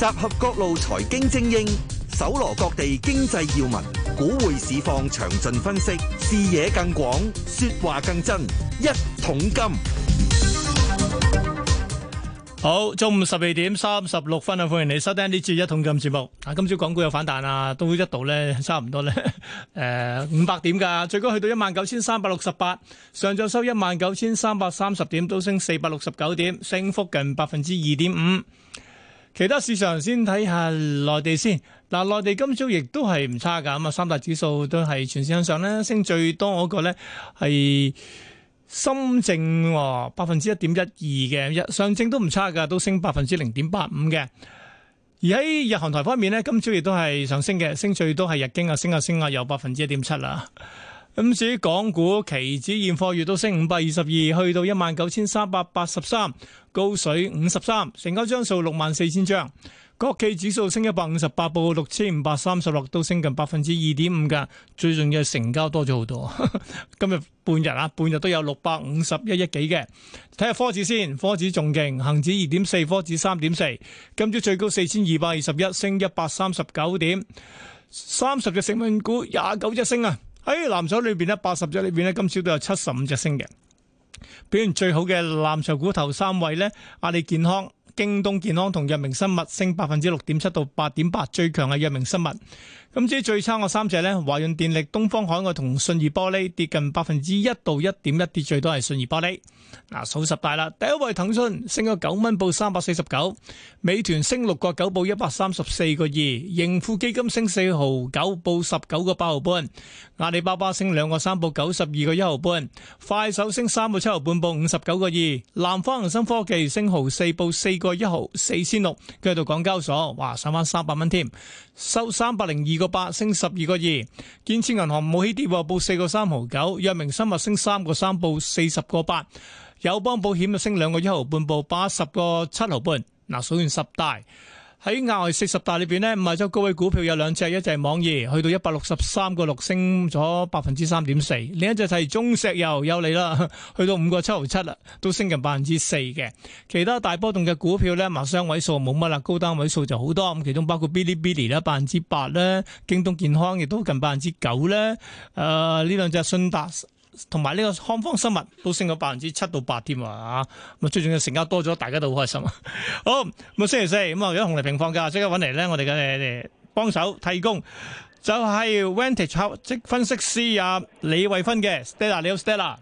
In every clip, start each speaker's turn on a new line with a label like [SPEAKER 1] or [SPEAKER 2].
[SPEAKER 1] 集合各路財經精英，搜羅各地經濟要聞，股匯市況詳盡分析，視野更廣，說話更真。一桶金，好，中午十二點三十六分啊，歡迎你收聽呢節一桶金節目。啊，今朝港股有反彈啊，都一度呢差唔多呢，誒五百點㗎，最高去到一萬九千三百六十八，上晝收一萬九千三百三十點，都升四百六十九點，升幅近百分之二點五。其他市場先睇下內地先。嗱，內地今朝亦都係唔差㗎，咁啊三大指數都係全市向上咧，升最多嗰個咧係深證，百分之一點一二嘅，上證都唔差㗎，都升百分之零點八五嘅。而喺日韓台方面咧，今朝亦都係上升嘅，升最多係日經啊，升啊升啊，有百分之一點七啦。咁至於港股期指現貨月都升五百二十二，去到一萬九千三百八十三，高水五十三，成交張數六萬四千張。國企指數升一百五十八，報六千五百三十六，都升近百分之二點五㗎。最重要係成交多咗好多， 今日半日啊，半日都有六百五十一億幾嘅。睇下科指先，科指仲勁，恒指二點四，科指三點四。今朝最高四千二百二十一，升一百三十九點，三十隻成分股廿九一升啊！喺、哎、藍籌裏邊呢，八十隻裏邊呢，今朝都有七十五隻升嘅。表現最好嘅藍籌股頭三位呢，阿里健康、京東健康同藥明生物升百分之六點七到八點八，最強嘅藥明生物。咁至於最差嘅三隻呢，華潤電力、東方海外同信義玻璃跌近百分之一到一點一，跌最多係信義玻璃。嗱，數十大啦，第一位騰訊升咗九蚊，報三百四十九；美團升六個九，報一百三十四個二；盈富基金升四毫九，報十九個八毫半；阿里巴巴升兩個三，報九十二個一毫半；快手升三個七毫半，報五十九個二；南方恒生科技升毫四，報四個一毫四千六。跟住到港交所，哇，上翻三百蚊添，收三百零二。個八升十二個二，12. 8, 12. 2, 建設銀行冇起跌，報四個三毫九。藥明生物升三個三，報四十個八。友邦保險就升兩個一毫半，報八十個七毫半。嗱，數完十大。喺外四十大裏邊咧，唔係咁高位股票有兩隻，一隻係網易，去到一百六十三個六，升咗百分之三點四；另一隻係中石油有利啦，去到五個七毫七啦，都升近百分之四嘅。其他大波動嘅股票咧，麻雙位數冇乜啦，高單位數就好多。咁其中包括嗶哩嗶哩啦，百分之八咧；京東健康亦都近百分之九咧。誒，呢、呃、兩隻信達。同埋呢個康方生物都升到百分之七到八添啊！咁最重要成交多咗，大家都好開心啊。 好，咁星期四咁啊，如果紅利平放假，即刻搵嚟咧，我哋嘅幫手提供就係、是、Vantage 即分析師啊李慧芬嘅 Stella，你好 Stella。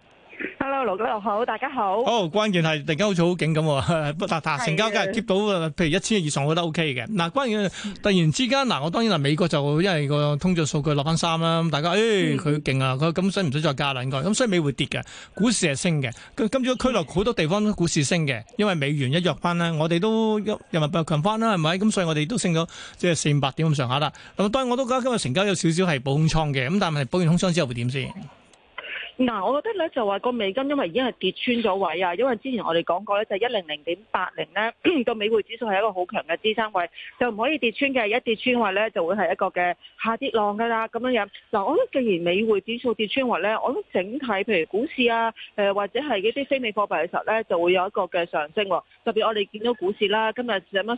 [SPEAKER 1] hello，老友。好，大家好。哦，關鍵係突然間好似好勁咁，不達達，成交價 keep 到譬如一千以上，00，我覺得 OK 嘅。嗱，關鍵突然之間，嗱、呃，我當然啦，美國就因為個通脹數據落翻三啦，3，大家誒佢勁啊，佢咁使唔使再加啦應該？咁所以美匯跌嘅，股市係升嘅。跟住區內好多地方股市升嘅，因為美元一弱翻咧，我哋都人民幣強翻啦，係咪？咁所以我哋都升咗即係四五百點咁上下啦。咁當然我都覺得今日成交有少少係保空倉嘅，咁但係保完空倉之後會點先？
[SPEAKER 2] 嗱、啊，我覺得咧就話個美金因為已經係跌穿咗位啊，因為之前我哋講過咧就一零零點八零咧個美匯指數係一個好強嘅支撐位，就唔可以跌穿嘅，一跌穿位咧就會係一個嘅下跌浪㗎啦咁樣樣。嗱、啊，我覺得既然美匯指數跌穿位咧，我覺得整體譬如股市啊，誒、呃、或者係嗰啲非美貨幣嘅時候咧，就會有一個嘅上升喎、啊。特別我哋見到股市啦、啊，今日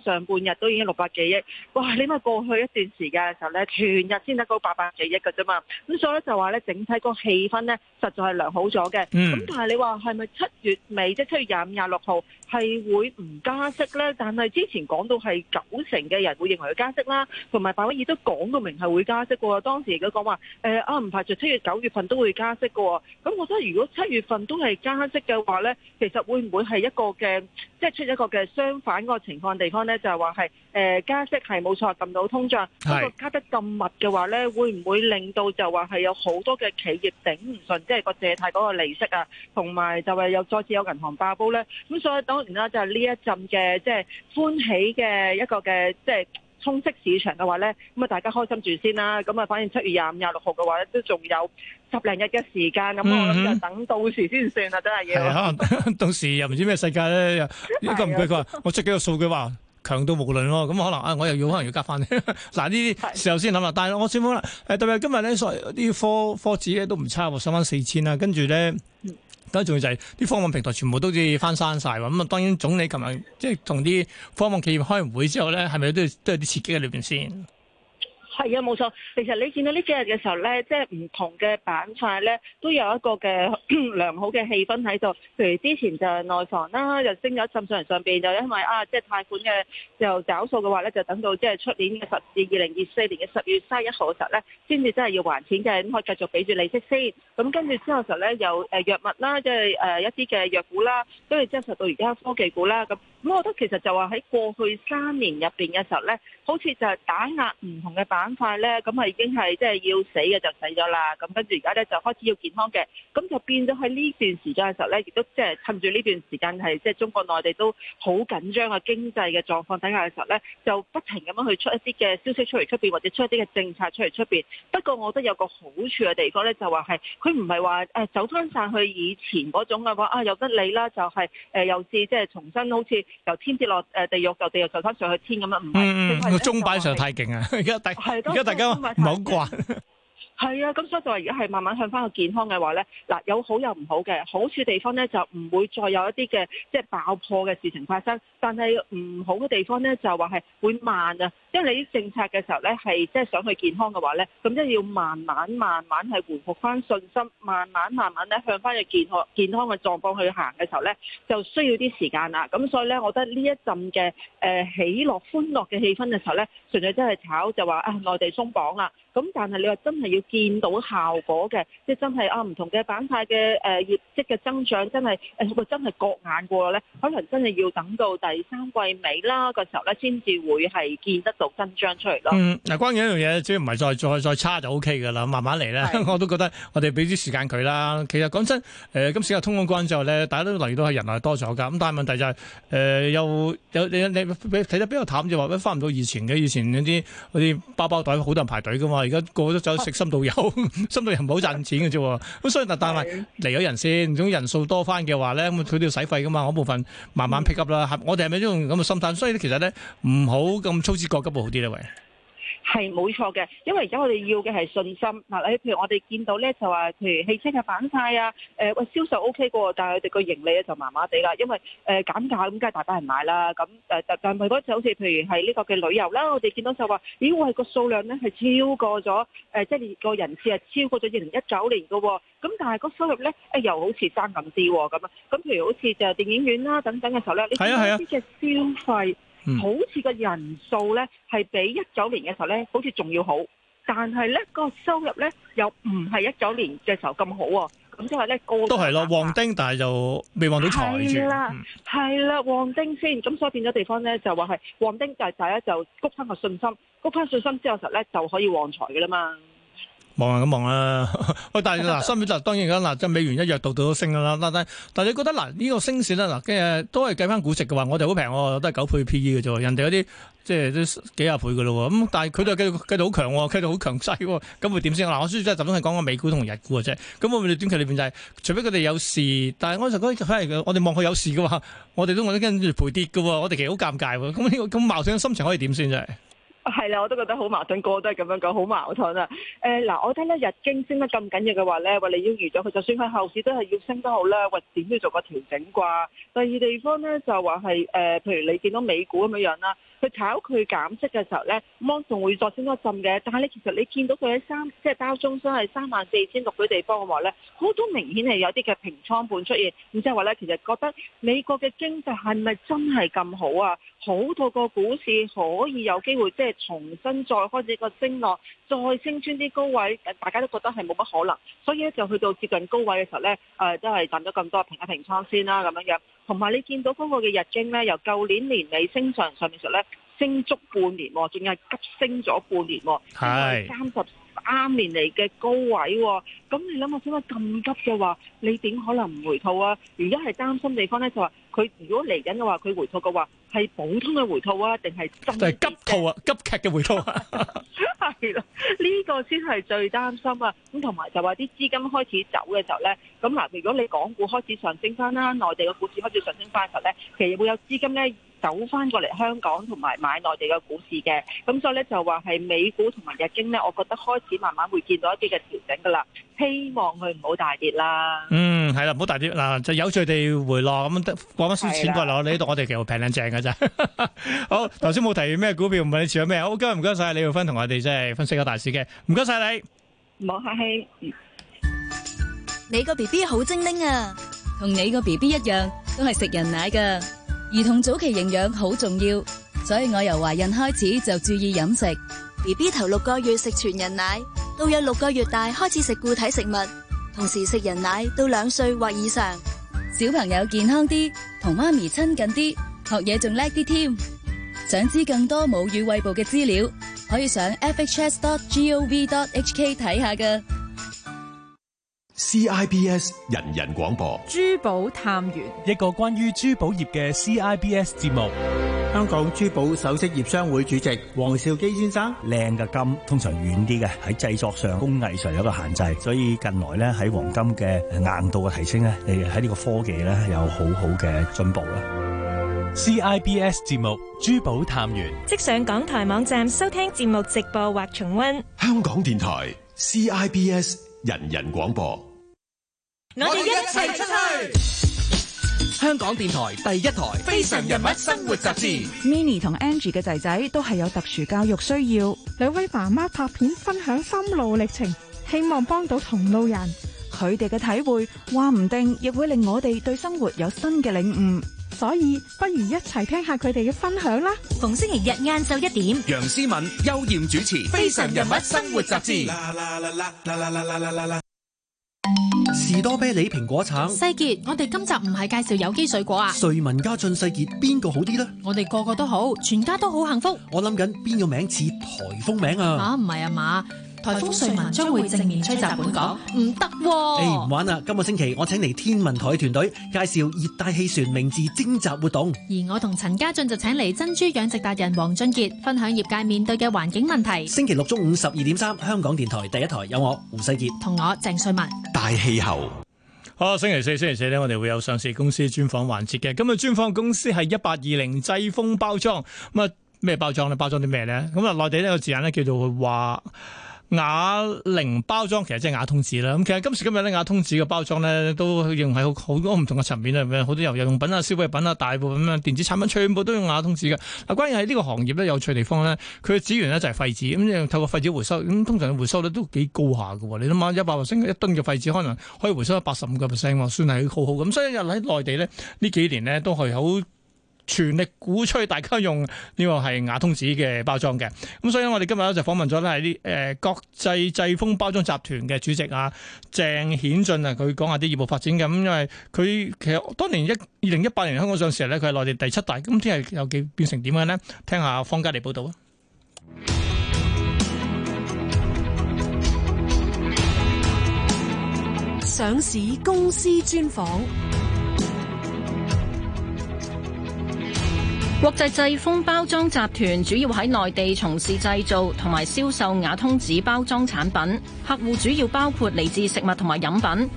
[SPEAKER 2] 上半日都已經六百幾億，哇！你睇過去一段時間嘅時候咧，全日先得嗰八百幾億㗎啫嘛。咁所以咧就話咧整體個氣氛咧就係良好咗嘅，咁但係你話係咪七月尾，即係七月廿五、廿六號係會唔加息呢？但係之前講到係九成嘅人會認為佢加息啦，同埋鮑威爾都講到明係會加息嘅喎。當時佢講話誒啊，唔排除七月、九月份都會加息嘅喎。咁我覺得如果七月份都係加息嘅話呢，其實會唔會係一個嘅，即係出一個嘅相反個情況地方呢？就係話係。誒、呃、加息係冇錯，撳到通脹。不過是加得咁密嘅話咧，會唔會令到就話係有好多嘅企業頂唔順，即係個借貸嗰個利息啊，同埋就係又再次有銀行爆煲咧？咁所以當然啦，就係呢一陣嘅即係歡喜嘅一個嘅即係充斥市場嘅話咧，咁啊大家開心住先啦。咁啊，反正七月廿五、廿六號嘅話咧，都仲有十零日嘅時間，咁我諗就等到時先算啦，真係要。係啊，
[SPEAKER 1] 到時又唔知咩世界咧，又咁唔計佢。 我即幾個數據嘅話。強到無論咯，咁可能啊、哎，我又要可能要加翻嗱呢啲時候先諗啦。但係我先好啦，特、哎、別今日咧，啲科科指咧都唔差喎，上翻四千啦。跟住咧，更重要就係、是、啲科網平台全部都好似翻山晒。喎。咁啊，當然總理琴日即係同啲科網企業開完會之後咧，係咪都都有啲刺激喺裏邊先？
[SPEAKER 2] 係啊，冇錯。其實你見到呢幾日嘅時候咧，即係唔同嘅板塊咧，都有一個嘅 良好嘅氣氛喺度。譬如之前就係內房啦，又升咗浸陣上上邊，就因為啊，即係貸款嘅就找數嘅話咧，就等到即係出年嘅十至二零二四年嘅十月三十一號嘅時候咧，先至真係要還錢嘅，咁可以繼續俾住利息先。咁跟住之後嘅時候咧，有誒藥物啦，即係誒一啲嘅藥股啦，跟住之後實到而家科技股啦，咁。咁我覺得其實就話喺過去三年入邊嘅時候咧，好似就係打壓唔同嘅板塊咧，咁啊已經係即係要死嘅就死咗啦。咁跟住而家咧就開始要健康嘅，咁就變咗喺呢段時間嘅時候咧，亦都即係趁住呢段時間係即係中國內地都好緊張嘅經濟嘅狀況底下嘅時候咧，就不停咁樣去出一啲嘅消息出嚟出邊，或者出一啲嘅政策出嚟出邊。不過我覺得有個好處嘅地方咧，就話係佢唔係話誒走翻曬去以前嗰種嘅話啊有得你啦，就係誒又試即係重新好似。由天跌落誒地獄，由地獄再翻上去天咁樣，唔係。個鐘擺上
[SPEAKER 1] 太勁啊！而家大，而家的大家唔好掛。的別乖
[SPEAKER 2] 係啊，咁所以就話如果係慢慢向翻個健康嘅話咧，嗱有好有唔好嘅。好處地方咧就唔會再有一啲嘅即係爆破嘅事情發生，但係唔好嘅地方咧就話係會慢啊，因為你啲政策嘅時候咧係即係想去健康嘅話咧，咁即係要慢慢慢慢係回復翻信心，慢慢慢慢咧向翻個健康健康嘅狀況去行嘅時候咧，就需要啲時間啦。咁所以咧，我覺得呢一陣嘅誒喜樂歡樂嘅氣氛嘅時候咧，純粹真係炒就話啊，內地鬆綁啦。咁但係你話真係要見到效果嘅，即係真係啊唔同嘅板塊嘅誒業績嘅增長真、呃，真係誒個真係覺眼過咧，可能真係要等到第三季尾啦，個時候咧，先至會係見得到真章出嚟咯。
[SPEAKER 1] 嗯，嗱，關鍵一樣嘢，只要唔係再再再差就 O K 噶啦，慢慢嚟啦。是我都覺得我哋俾啲時間佢啦。其實講真，誒、呃、今次又通咗關之後咧，大家都留意到係人係多咗噶，咁但係問題就係誒又有你你睇得比較淡，就話翻唔到以前嘅以前嗰啲啲包包袋好多人排隊噶嘛。而家過咗走食深度遊，深度遊唔好賺錢嘅啫。咁所以嗱，但係嚟咗人先，總人數多翻嘅話咧，咁佢都要使費㗎嘛，我部分慢慢 pick up 啦。嗯、我哋係咪都用咁嘅心態？所以咧，其實咧唔好咁操之過急，好啲咧，喂。
[SPEAKER 2] 係冇錯嘅，因為而家我哋要嘅係信心嗱。例如我哋見到咧就話，譬如汽車嘅板塊啊，誒，銷售 O K 嘅喎，但係佢哋個盈利啊就麻麻地啦，因為誒減價咁梗係大把人買啦。咁誒，但係嗰一次好似譬如係呢個嘅旅遊啦，我哋見到就話，咦，我係個數量咧係超過咗誒，即係個人次係超過咗二零一九年嘅喎。咁但係個收入咧誒又好似爭咁啲喎咁啊。咁譬如好似就係電影院啦等等嘅時候咧，係啊係啊呢隻消費。好似個人數咧係比一九年嘅時候咧，好似仲要好，但係咧個收入咧又唔係一九年嘅時候咁好啊，咁即係咧高。都係咯，
[SPEAKER 1] 旺丁，但係就未旺到財住。係啦，
[SPEAKER 2] 係啦，旺丁先，咁所以變咗地方咧就話係旺丁，大家就谷翻個信心，谷翻信心之後時候咧就可以旺財噶啦嘛。
[SPEAKER 1] 望啊，咁望啦。喂、啊，但係嗱，相比就當然啦，嗱、啊，即係美元一弱，度度都升噶啦、啊。但係，但係你覺得嗱，呢、啊這個升市啦，嗱、啊，即係都係計翻估值嘅話，我哋好平，喎，都係九倍 P E 嘅啫。人哋嗰啲即係都幾廿倍噶咯。咁但係佢哋係繼繼續好強，繼續好強勢。咁會點先？嗱，我雖然真係集中係講個美股同日股嘅啫。咁我哋短期裏邊就係、是，除非佢哋有事。但係我成日講，反而我哋望佢有事嘅話，我哋都我都跟住賠跌噶、哦。我哋其實好尷尬、哦。咁呢個咁矛盾嘅心情可以點先？真係。
[SPEAKER 2] 係啦，我都覺得好矛盾，個個都係咁樣講，好矛盾啊！誒，嗱，我聽咧日經升得咁緊要嘅話咧，話你要預咗佢，就算喺後市都係要升得好啦，或點都要做個調整啩。第二地方咧就話係誒，譬如你見到美股咁樣樣啦。佢炒佢減息嘅時候呢，咁仲會再升一陣嘅。但係呢，其實你見到佢喺三即係包中心係三萬四千六嘅地方嘅話呢，好多明顯係有啲嘅平倉盤出現，咁即係話呢，其實覺得美國嘅經濟係咪真係咁好啊？好到個股市可以有機會即係重新再開始一個升浪。再升穿啲高位，大家都覺得係冇乜可能，所以咧就去到接近高位嘅時候咧，誒、呃、都係賺咗咁多，平一平倉先啦咁樣樣。同埋你見到嗰個嘅日經咧，由舊年年尾升上上面嚟咧，升足半年喎、哦，仲係急升咗半年喎、
[SPEAKER 1] 哦，係三
[SPEAKER 2] 十三年嚟嘅高位喎、哦。咁你諗下，點解咁急嘅話，你點可能唔回吐啊？如果係擔心地方咧，就話佢如果嚟緊嘅話，佢回吐嘅話。係普通嘅回吐啊，定係真係
[SPEAKER 1] 急吐啊， 急劇嘅回吐啊，
[SPEAKER 2] 係 啦， 呢、這個先係最擔心啊。咁同埋就話啲資金開始走嘅時候咧，咁嗱，如果你港股開始上升翻啦，內地嘅股市開始上升翻嘅時候咧，其實會有資金咧。走翻過嚟香港同埋買內地嘅股市嘅，咁所以咧就話係美股同埋日經咧，我覺得開始慢慢會見到一啲嘅調整噶啦，希望佢唔好大跌啦。
[SPEAKER 1] 嗯，係啦，唔好大跌嗱，就有序地回落咁，講翻啲錢過嚟，我呢度我哋叫做平靚正嘅啫。好，頭先冇提咩股票，唔問你持有咩，好，今日唔該晒李慧芬同我哋即係分析下大市嘅，唔該晒你，
[SPEAKER 2] 唔好客氣。你個 B B 好精靈啊，同你個 B B 一樣，都係食人奶噶。兒童早期營養好重要，所以我由懷孕開始就注意飲食。B B 頭六個月食全人奶，到約六個月大開始食固體食物，同時食人奶到兩歲或以上。小朋友健康啲，同媽咪親近啲，學嘢仲叻啲添。想知更多母乳餵哺嘅資料，可以上 fhs.gov.hk 睇下㗎。
[SPEAKER 1] CIBS 人人廣播
[SPEAKER 2] 珠寶探員，
[SPEAKER 1] 一個關於珠寶業嘅 CIBS 節目。香港珠寶首飾業商會主席黃兆基先生，靚嘅金通常軟啲嘅，喺製作上工藝上有一個限制，所以近來咧喺黃金嘅硬度嘅提升咧，喺呢個科技咧有好好嘅進步啦。CIBS 節目珠寶探員，
[SPEAKER 2] 即上港台網站收聽節目直播或重溫。
[SPEAKER 1] 香港電台 CIBS 人人廣播。我哋一齊出去。香港電台第一台《非常人物生活雜誌》。
[SPEAKER 2] Mini 同 Andrew 嘅仔仔都係有特殊教育需要，兩位媽媽拍片分享心路歷程，希望幫到同路人。佢哋嘅體會，話唔定亦會令我哋對生活有新嘅領悟。所以，不如一齊聽下佢哋嘅分享啦。逢星期
[SPEAKER 1] 日晏晝一點，
[SPEAKER 2] 楊思敏、邱艷主持《非常人物生活雜誌》。
[SPEAKER 1] 士多啤梨蘋果橙，世
[SPEAKER 2] 傑，我哋今集唔係介紹有機水果啊！
[SPEAKER 1] 瑞文加俊世傑，邊個好啲咧？我哋個個都好，全家都好幸福。我諗緊邊個名似台風
[SPEAKER 2] 名啊？啊，唔係啊嘛。台風瑞文將會正面
[SPEAKER 1] 吹襲本港，唔得，欸！誒，唔玩啦！今個星期我請嚟天文台團隊介紹熱帶氣旋名字徵集活動。
[SPEAKER 2] 而我同陳家俊就請嚟珍珠養殖達人黃俊傑分享業界面對嘅環境問題。
[SPEAKER 1] 星期六中午十二點三，3，香港電台第一台有我胡世傑同我鄭瑞文。大氣候，好。星期四、星期四呢，我哋會有上市公司專訪環節嘅。今日專訪公司係一八二零濟豐包裝。咁啊，咩包裝呢？包裝啲咩呢？咁啊，內地呢個字眼呢，叫做佢話。瓦楞包裝其實即係瓦通紙啦，咁其實今時今日咧，瓦通紙嘅包裝咧都用喺好多唔同嘅層面啦，好多日用品啊、消費品啊、大部分咁樣電子產品全部都用瓦通紙嘅。嗱，關於喺呢個行業咧，有趣地方咧，佢嘅資源咧就係廢紙，咁你用透過廢紙回收，咁通常回收率都幾高下㗎。你諗下，一百 percent 一噸嘅廢紙，可能可以回收到八十五個 percent，算係好好咁。所以喺內地咧呢幾年咧都係好。全力鼓吹大家用呢個係瓦通紙嘅包裝嘅，咁所以我哋今日咧就訪問咗咧係呢誒國際製封包裝集團嘅主席啊，鄭顯俊，啊，佢講下啲業務發展嘅，咁因為佢其實當年一二零一八年，香港上市咧，佢係內地第七大，咁天係有幾變成點樣呢？聽下方家麗報道啊！
[SPEAKER 2] 上市公司專訪。國際製封包裝集團主要喺內地從事製造同埋銷售瓦通紙包裝產品，客戶主要包括嚟自食物同埋飲品。